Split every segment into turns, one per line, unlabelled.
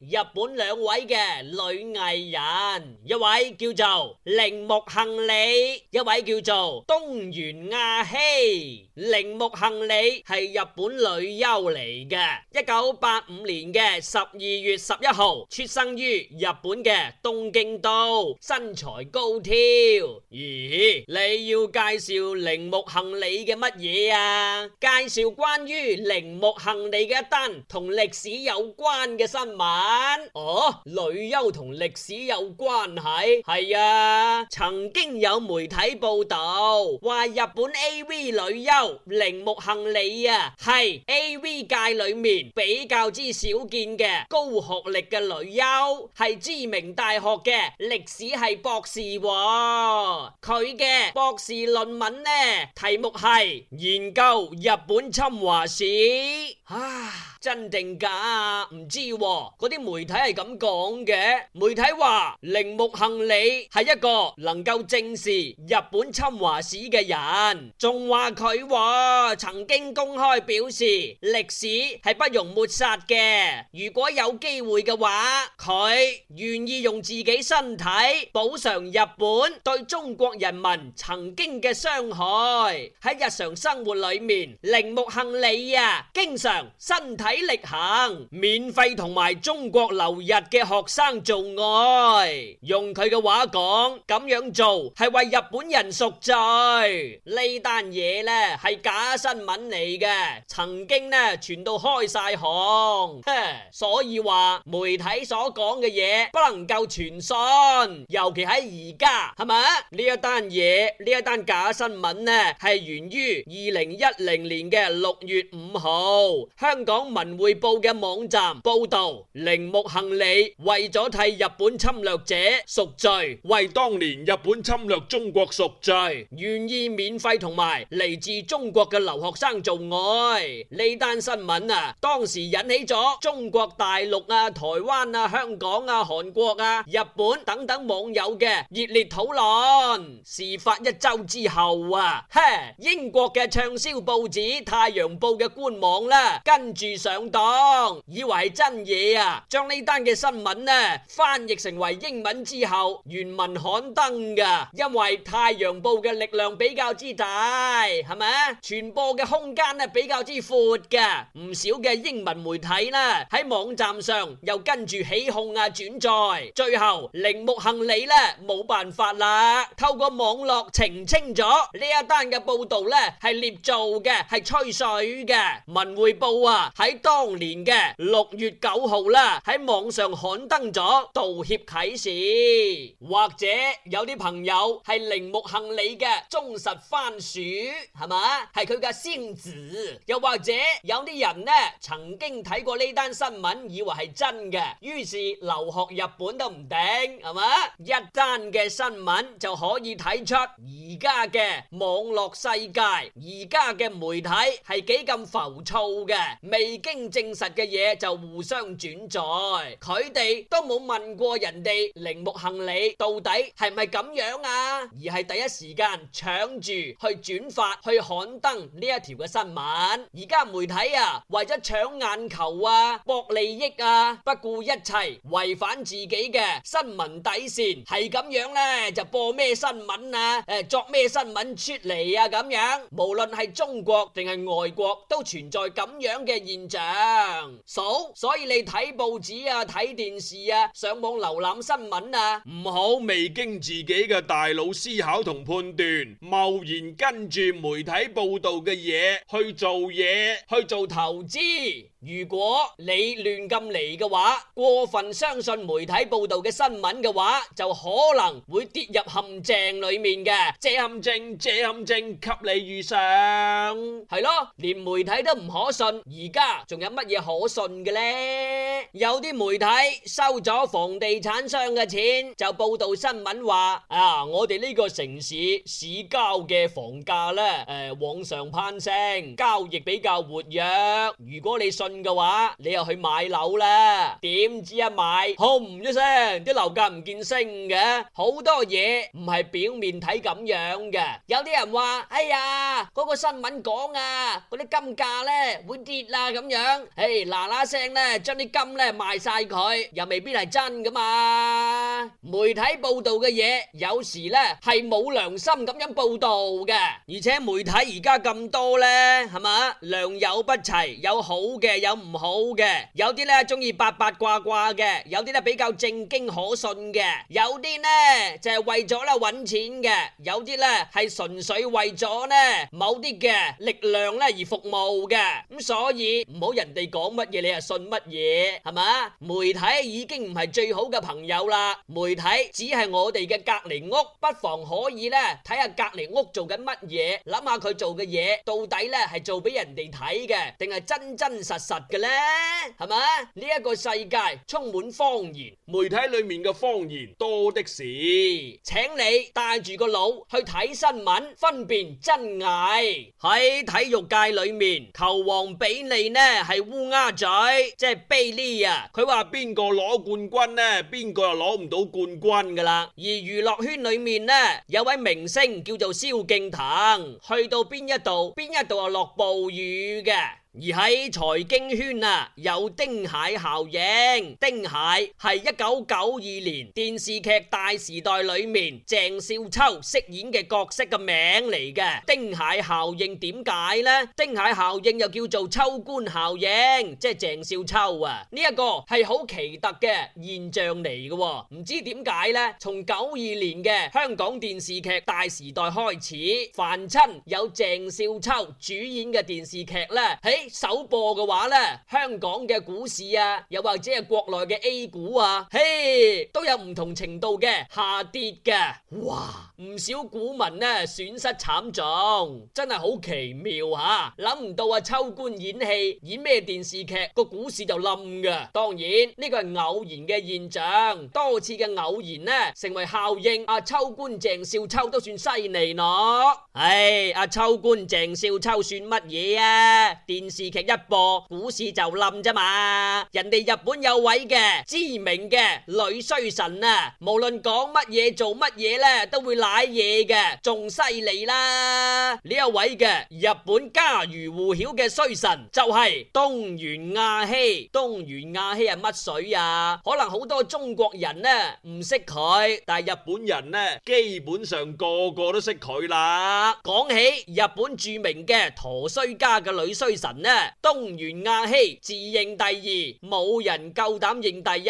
日本兩位嘅女藝人，一位叫做鈴木杏里，一位叫做東原亞希。鈴木杏里係日本女優嚟嘅，一九八五年嘅十二月十一號出生於日本嘅東京都，身材高挑。咦，你要介紹鈴木杏里嘅乜嘢啊？介紹關於鈴木杏里嘅一單同歷史有關嘅新聞。哦，女優同歷史有關係？係啊，曾經有媒體報道，話日本 A V 女優鈴木杏里啊，係 A V 界裏面比較之少見嘅高學歷嘅女優，係知名大學嘅，歷史系博士喎。佢嘅博士論文呢，題目係研究日本侵華史。啊！真定假啊？唔知喎，嗰啲媒體係咁講嘅。媒體話鈴木杏里係一個能夠正視日本侵華史嘅人，仲話佢曾經公開表示歷史係不容抹殺嘅。如果有機會嘅話，佢願意用自己身體補償日本對中國人民曾經嘅傷害。喺日常生活裏面，鈴木杏里啊，經常身體。體力行，免費同埋中國留日嘅學生做愛，用佢嘅話講，咁樣做係爲日本人贖罪。呢單嘢呢係假新聞嚟嘅，曾經呢傳到開晒行，所以話媒體所講嘅嘢不能夠全信，尤其喺而家係咪？呢一單嘢，呢一單假新聞呢係源於二零一零年嘅六月五號，香港文匯報嘅網站報道，鈴木杏里為咗替日本侵略者贖罪，為當年日本侵略中國贖罪，願意免費同埋嚟自中國嘅留學生做愛。呢單新聞啊，當時引起咗中國大陸啊、台灣啊、香港啊、韓國啊、日本等等網友嘅熱烈討論。事發一週之後啊，嘿，英國嘅暢銷報紙《太陽報》嘅官網啦，跟住上。上當，以為係真嘢啊！將呢單嘅新聞呢翻譯成為英文之後，原文刊登噶，因為太陽報嘅力量比較之大，係咪啊？傳播嘅空間呢比較之闊嘅，唔少嘅英文媒體呢喺網站上又跟住起哄啊轉載，最後鈴木杏里呢冇辦法啦，透過網絡澄清咗呢一單嘅報道呢係捏造嘅，係吹水嘅文匯報啊喺。當年嘅六月九號啦，喺網上刊登咗道歉啟事。或者有啲朋友係鈴木杏里嘅忠實番薯，係嘛？係佢嘅仙子。又或者有啲人呢，曾經睇過呢單新聞，以為係真嘅，於是留學日本都唔頂，係嘛？一單嘅新聞就可以睇出而家嘅網絡世界，而家嘅媒體係幾咁浮躁嘅，未？經證實嘅嘢就互相轉載，佢哋都冇問過人哋鈴木杏里到底係咪咁樣啊，而係第一時間搶住去轉發去刊登呢一條嘅新聞。而家媒體啊，為咗搶眼球啊，博利益啊，不顧一切違反自己嘅新聞底線，係咁樣咧就播咩新聞啊，誒作咩新聞出嚟啊咁樣。無論係中國定係外國，都存在咁樣嘅現象。所以你睇報紙啊、睇電視啊、上網瀏覽新聞啊，唔好未經自己嘅大腦思考同判斷，貿然跟住媒體報道嘅嘢去做嘢，去做投資。如果你亂咁嚟嘅話，過分相信媒體報道嘅新聞嘅話，就可能會跌入陷阱裏面嘅。借陷阱，借陷阱，畀你遇上係咯，連媒體都唔可信。而家仲有乜嘢可信嘅呢？有啲媒體收咗房地產商嘅錢，就報道新聞話啊，我哋呢個城市市郊嘅房價呢誒往上攀升，交易比較活躍。如果你信，嘅話，你又去買樓啦？點知一買，轟一聲，啲樓價唔見升嘅。好多嘢唔係表面睇咁樣嘅。有啲人話：哎呀，嗰個新聞講啊，嗰啲金價咧會跌啦咁樣。誒，嗱嗱聲咧，將啲金咧賣晒佢，又未必係真噶嘛。媒體報道嘅嘢，有時咧係冇良心咁樣報道嘅。而且媒體而家咁多咧，係嘛，良莠不齊，有好嘅。有唔好嘅，有啲咧中意八八卦卦嘅，有啲咧比較正經可信嘅，有啲咧就係為咗咧搵錢嘅，有啲咧係純粹為咗咧某啲嘅力量咧而服務嘅。咁所以唔好人哋講乜嘢，你係信乜嘢係嘛？媒體已經唔係最好嘅朋友啦，媒體只係我哋嘅隔籬屋，不妨可以咧睇下隔籬屋做緊乜嘢，諗下佢做嘅嘢到底咧係做俾人哋睇嘅，定係真真實實？實嘅咧，係咪？呢一個世界充滿謊言，媒體裏面嘅謊言多的是。請你帶住個腦去睇新聞，分辨真偽。喺體育界裏面，球王比利呢係烏鴉嘴，即係 Billy 啊。佢話邊個攞冠軍呢，邊個又攞唔到冠軍噶啦。而娛樂圈裏面呢，有位明星叫做蕭敬騰，去到邊一度，邊一度又落暴雨嘅。而喺財經圈啊，有丁蟹效應。丁蟹係一九九二年電視劇《大時代》裏面鄭少秋飾演嘅角色嘅名嚟嘅。丁蟹效應點解呢？丁蟹效應又叫做秋官效應，即係鄭少秋啊。呢一個係好奇特嘅現象嚟嘅，唔知點解呢？從九二年嘅香港電視劇《大時代》開始，凡親有鄭少秋主演嘅電視劇呢，喺首播嘅話呢，香港嘅股市啊，又或者係國內嘅 A 股啊，嘿，都有唔同程度嘅下跌嘅。哇，唔少股民呢損失慘重，真係好奇妙吓，諗唔到阿秋官演戲演咩電視劇個股市就冧㗎。當然呢個係偶然嘅現象，多次嘅偶然呢成為效應。阿秋官鄭少秋都算犀利咯，唉，阿秋官鄭少秋算乜嘢啊？電電視劇一播，股市就冧啫嘛！人哋日本有位嘅知名嘅女衰神啊，無論講乜嘢做乜嘢咧，都會瀨嘢嘅，仲犀利啦！呢一位嘅日本家喻戶曉嘅衰神，就係東原亞希。東原亞希係乜水啊？可能好多中國人咧唔識佢，但係日本人咧基本上個個都識佢啦。講起日本著名嘅陀衰家嘅女衰神。呢東原亞希自認第二，冇人夠膽認第一。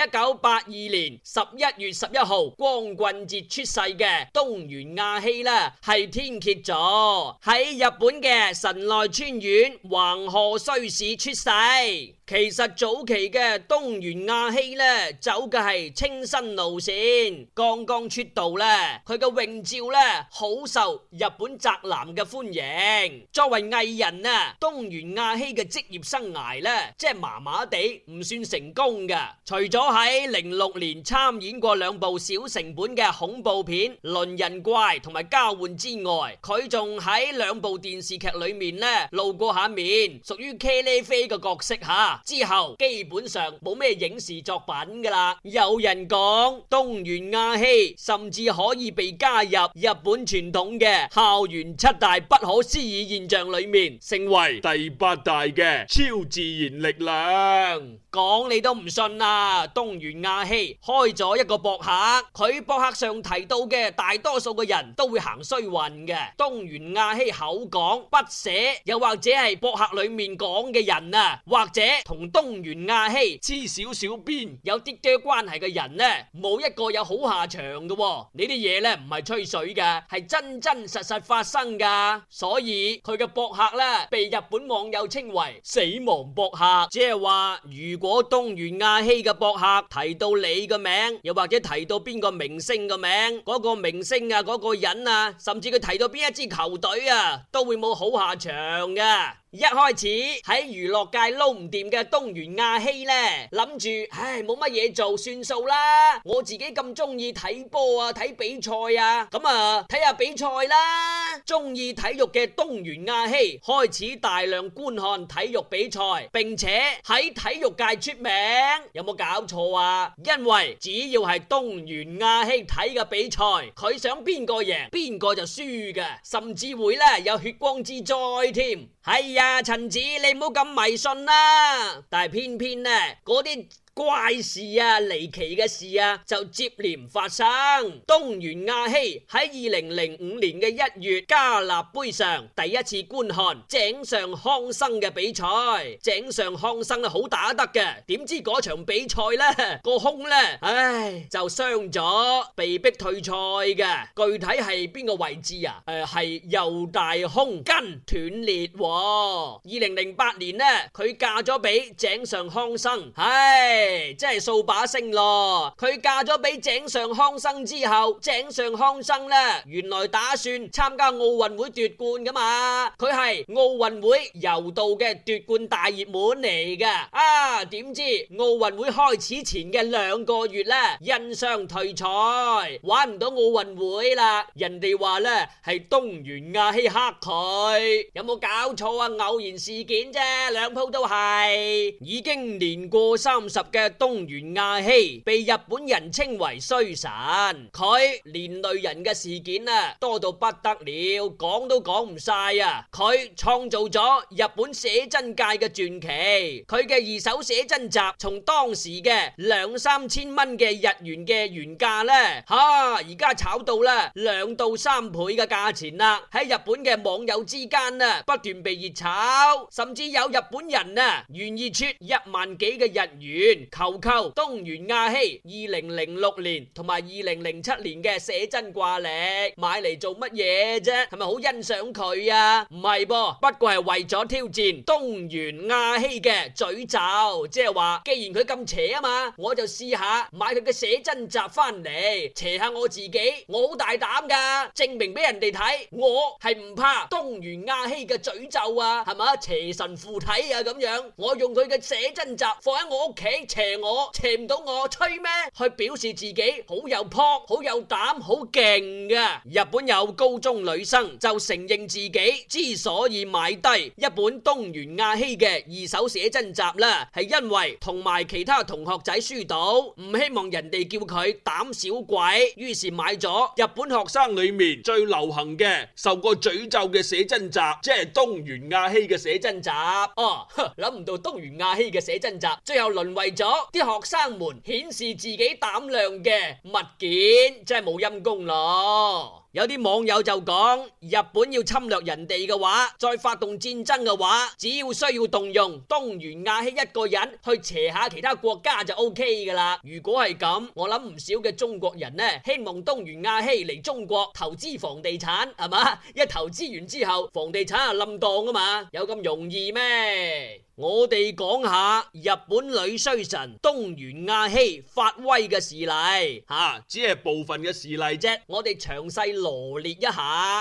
一九八二年十一月十一號光棍節出世嘅東原亞希呢，係天蠍座，喺日本嘅神奈川縣橫河瑞市出世。其實早期嘅東原亞希咧，走嘅係清新路線，剛剛出道咧，佢嘅泳照咧好受日本宅男嘅歡迎。作為藝人啊，東原亞希嘅職業生涯咧，即係麻麻地，唔算成功嘅。除咗喺零六年參演過兩部小成本嘅恐怖片《輪人怪》同埋交換之外，佢仲喺兩部電視劇裏面咧露過下面，屬於茄喱啡嘅角色吓。之後基本上冇咩影視作品噶啦。有人講東原亞希甚至可以被加入日本傳統嘅校園七大不可思議現象裏面，成為第八大嘅超自然力量。講你都唔信啦，東原亞希開咗一個博客，佢博客上提到嘅大多數嘅人都會行衰運嘅。東原亞希口講筆寫，又或者係博客裏面講嘅人啊，或者。同東原亞希黐少少邊有啲嘅關係嘅人呢，冇一個有好下場嘅，哦。呢啲嘢，呢唔係吹水嘅，係真真實實發生噶。所以佢嘅博客呢，被日本網友稱為死亡博客，即係話如果東原亞希嘅博客提到你嘅名，又或者提到邊個明星嘅名，嗰，嗰個明星啊，嗰，嗰個人啊，甚至佢提到邊一支球隊啊，都會冇好下場嘅。一開始喺娛樂界撈唔掂嘅東原亞希呢，諗住唉冇乜嘢做算數啦，我自己咁中意睇波啊睇比賽啊，咁啊睇下比賽啦。中意體育嘅東原亞希開始大量觀看體育比賽，並且喺體育界出名，有冇搞錯啊？因為只要係東原亞希睇嘅比賽，佢想邊個贏邊個就輸嘅，甚至會呢有血光之災添。係啊。啊陳子，你唔好咁迷信啦，啊。但係偏偏呢，嗰啲，怪事啊，離奇嘅事啊，就接連發生。東原亞希喺二零零五年嘅一月加納杯上第一次觀看井上康生嘅比賽。井上康生啊，係好打得嘅，點知嗰場比賽呢，個胸呢，唉就傷咗，被迫退賽嘅。具體係邊個位置啊？誒、呃，係右大胸筋斷裂，哦。二零零八年呢，佢嫁咗俾井上康生，唉。真係掃把星咯！佢嫁咗俾井上康生之後，井上康生呢，原來打算參加奧運會奪冠噶嘛？佢係奧運會柔道嘅奪冠大熱門嚟噶。啊，點知奧運會開始前嘅兩個月呢，因傷退賽，玩唔到奧運會啦！人哋話呢，係東原亞希克佢。有冇搞錯啊？偶然事件啫，兩鋪都係已經年過三十。嘅東原亞希被日本人稱為衰神，佢連累人嘅事件啊多到不得了，講都講唔晒啊！佢創造咗日本寫真界嘅傳奇，佢嘅二手寫真集從當時嘅兩三千蚊嘅日元嘅原價呢，吓而家炒到啦兩到三倍嘅價錢啦，喺日本嘅網友之間啊不斷被熱炒，甚至有日本人啊願意出一萬幾嘅日元。求求東原亞希二零零六年同埋二零零七年嘅寫真掛曆買嚟，做乜嘢啫？係咪好欣賞佢啊？唔係噃，不過係為咗挑戰東原亞希嘅詛咒，即係話既然佢咁邪啊嘛，我就試下買佢嘅寫真集翻嚟邪下我自己，我好大膽噶，證明俾人哋睇，我係唔怕東原亞希嘅詛咒啊，係咪邪神附體啊咁樣，我用佢嘅寫真集放喺我屋企。邪我邪唔到我吹咩？去表示自己好有扑、好有膽、好勁嘅。日本有高中女生就承認自己之所以買低一本東原亞希嘅二手寫真集啦，係因為同埋其他同學仔輸到唔希望人哋叫佢膽小鬼，於是買咗日本學生裏面最流行嘅受過詛咒嘅寫真集，即係東原亞希嘅寫真集。哦，諗唔到東原亞希嘅寫真集最後淪為。咗啲學生們顯示自己膽量嘅物件，真係冇陰功咯～有啲網友就講，日本要侵略人哋嘅話，再發動戰爭嘅話，只要需要動用東原亞希一個人去邪下其他國家就 O K 噶啦。如果係咁，我諗唔少嘅中國人呢，希望東原亞希嚟中國投資房地產，係嘛？一投資完之後，房地產就冧檔啊嘛，有咁容易咩？我哋講下日本女衰神東原亞希發威嘅事例，吓、啊，只係部分嘅事例啫。我哋詳細攞。羅列一下，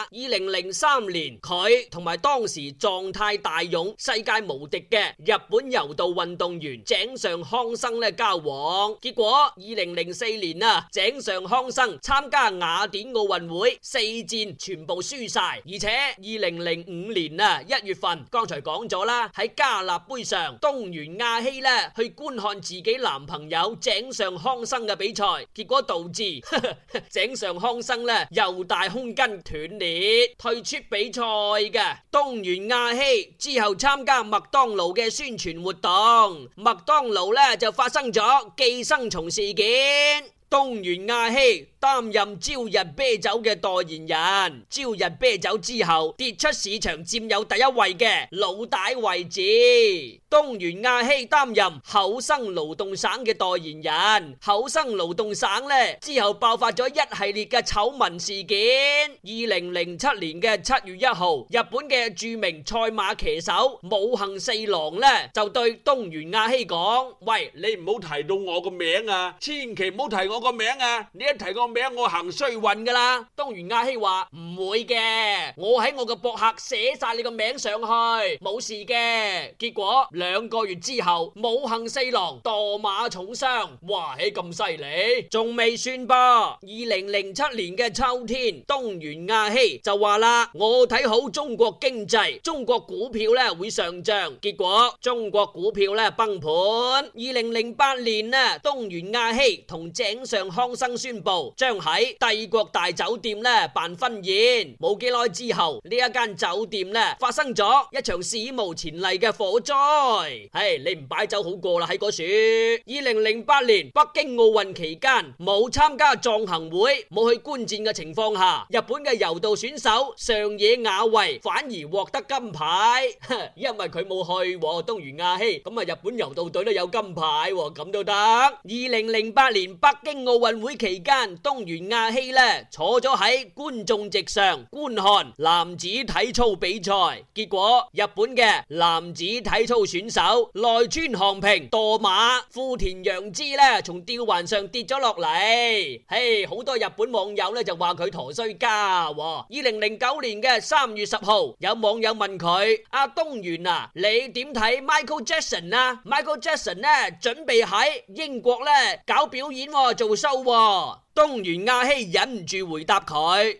二零零三年佢同埋當時狀態大勇、世界無敵嘅日本柔道運動員井上康生咧交往，結果二零零四年啊，井上康生參加雅典奧運會四戰全部輸晒，而且二零零五年啊一月份，剛才講咗啦，喺加納杯上，東原亞希咧去觀看自己男朋友井上康生嘅比賽，結果導致井上康生咧又大。大胸筋斷裂，退出比賽嘅東原亞希之後參加麥當勞嘅宣傳活動，麥當勞呢就發生咗寄生蟲事件。東原亞希。擔任朝日啤酒嘅代言人，朝日啤酒之後跌出市場佔有第一位嘅老大位置。東原亞希擔任厚生勞動省嘅代言人，厚生勞動省呢之後爆發咗一系列嘅醜聞事件。二零零七年嘅七月一號，日本嘅著名賽馬騎手武幸四郎呢就對東原亞希講：喂，你唔好提到我個名啊，千祈唔好提我個名啊，你一提我。俾我行衰運噶啦！東原亞希話唔會嘅，我喺我嘅博客寫晒你個名上去，冇事嘅。結果兩個月之後，武幸四郎墮馬重傷，哇！起咁犀利，仲未算吧？二零零七年嘅秋天，東原亞希就話啦：我睇好中國經濟，中國股票咧會上漲。結果中國股票咧崩盤。二零零八年呢，東原亞希同井上康生宣布。將喺帝國大酒店咧辦婚宴，冇幾耐之後，呢一間酒店咧發生咗一場史無前例嘅火災。係你唔擺酒好過啦，喺嗰樹。二零零八年北京奧運期間，冇參加壯行會，冇去觀戰嘅情況下，日本嘅柔道選手上野雅惠反而獲得金牌，因為佢冇去東原亞希，咁啊日本柔道隊都有金牌咁都得。二零零八年北京奧運會期間。東原亞希咧坐咗喺觀眾席上觀看男子體操比賽，結果日本嘅男子體操選手內村航平墮馬，富田洋之咧從吊環上跌咗落嚟。嘿，好多日本網友咧就話佢陀衰家。二零零九年嘅三月十號，有網友問佢：阿東原啊，你點睇 Michael Jackson 啊？Michael Jackson 咧準備喺英國咧搞表演做 show。東原亞希忍唔住回答佢。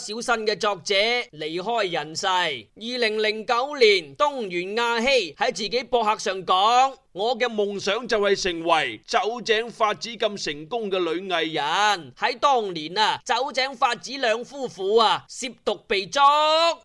小新嘅作者離開人世。二零零九年，東原亞希喺自己博客上講：我嘅夢想就係成為酒井法子咁成功嘅女藝人。喺當年啊，酒井法子兩夫婦啊涉毒被捉。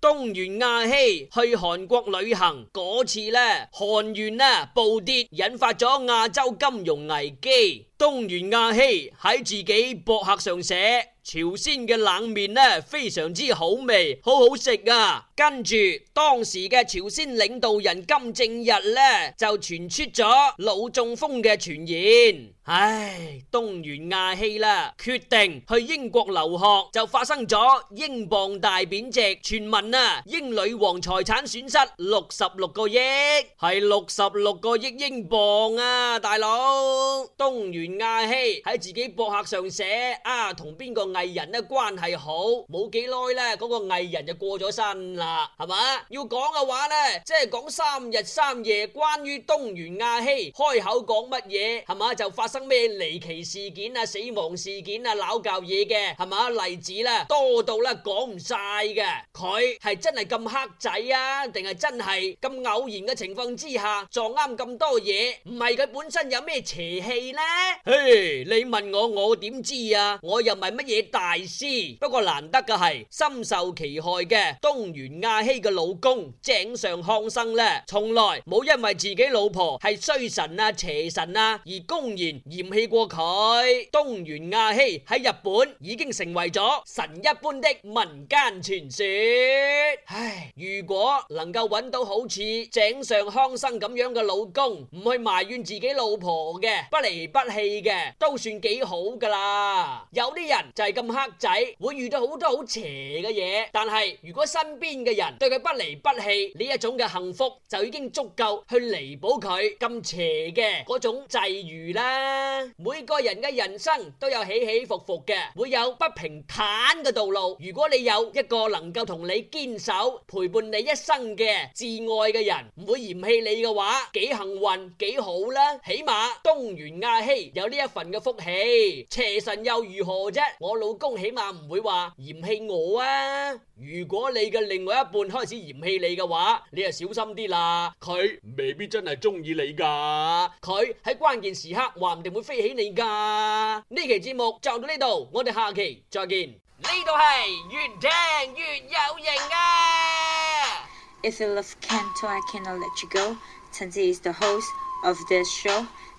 東原亞希去韓國旅行嗰次呢，韓元呢暴跌，引發咗亞洲金融危機。東原亞希喺自己博客上寫。朝鮮嘅冷麵呢，非常之好味，好好食啊！跟住當時嘅朝鮮領導人金正日呢就傳出咗腦中風嘅傳言，唉，東原亞希啦決定去英國留學，就發生咗英鎊大貶值，傳聞啊英女王財產損失六十六個億，係六十六個億英鎊啊大佬，東原亞希喺自己博客上寫啊同邊個藝人咧關係好，冇幾耐咧，嗰個藝人就過咗身啦，係嘛？要講嘅話咧，即係講三日三夜，關於東原亞希開口講乜嘢，係嘛？就發生咩離奇事件啊、死亡事件啊、老舊嘢嘅，係嘛？例子咧，多到啦講唔晒嘅，佢係真係咁黑仔啊，定係真係咁偶然嘅情況之下撞啱咁多嘢？唔係佢本身有咩邪氣咧？嘿，你問我我點知啊？我又唔係乜嘢，大師，不過難得嘅係，深受其害嘅東原亞希嘅老公井上康生呢，從來冇因為自己老婆係衰神啊、邪神啊而公然嫌棄過佢。東原亞希喺日本已經成為咗神一般的民間傳說。唉，如果能夠揾到好似井上康生咁樣嘅老公，唔去埋怨自己老婆嘅，不離不棄嘅，都算幾好噶啦。有啲人就係、是。咁黑仔會遇到好多好邪嘅嘢，但係如果身邊嘅人對佢不離不棄，呢一種嘅幸福就已經足夠去彌補佢咁邪嘅嗰種際遇啦。每個人嘅人生都有起起伏伏嘅，會有不平坦嘅道路。如果你有一個能夠同你堅守、陪伴你一生嘅至愛嘅人，唔會嫌棄你嘅話，幾幸運幾好啦。起碼東原亞希有呢一份嘅福氣，邪神又如何啫？我老公起碼唔會話嫌棄我啊！如果你嘅另外一半開始嫌棄你嘅話，你啊小心啲啦，佢未必真係中意你㗎，佢喺關鍵時刻話唔定會飛起你㗎。呢期節目就到呢度，我哋下期再見。呢度係越聽越有型啊！